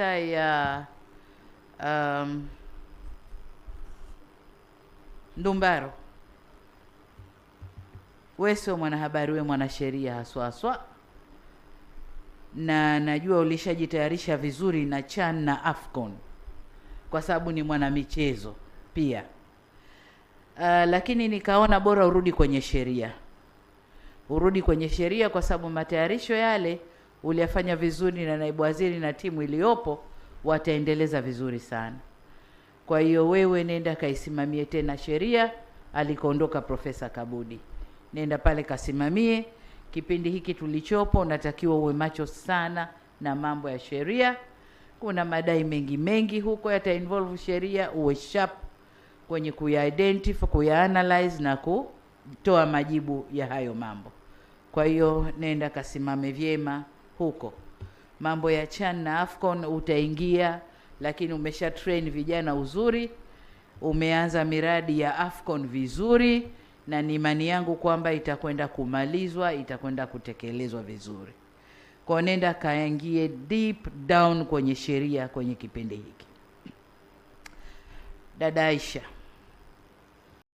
ya uh, um, Ndumbaro, we sio mwanahabari, we mwanasheria haswa haswa, na najua ulishajitayarisha vizuri na CHAN na AFCON kwa sababu ni mwanamichezo pia. Uh, lakini nikaona bora urudi kwenye sheria, urudi kwenye sheria kwa sababu matayarisho yale uliyafanya vizuri na naibu waziri na timu iliyopo wataendeleza vizuri sana. Kwa hiyo wewe nenda kaisimamie tena sheria alikoondoka Profesa Kabudi, nenda pale kasimamie. Kipindi hiki tulichopo, unatakiwa uwe macho sana na mambo ya sheria. Kuna madai mengi mengi huko yata involve sheria, uwe sharp kwenye kuya identify, kuya analyze na kutoa majibu ya hayo mambo. Kwa hiyo nenda kasimame vyema huko mambo ya CHAN na AFCON utaingia, lakini umesha train vijana uzuri, umeanza miradi ya AFCON vizuri, na ni imani yangu kwamba itakwenda kumalizwa, itakwenda kutekelezwa vizuri. Kwa nenda kaingie deep down kwenye sheria kwenye kipindi hiki, dada Aisha.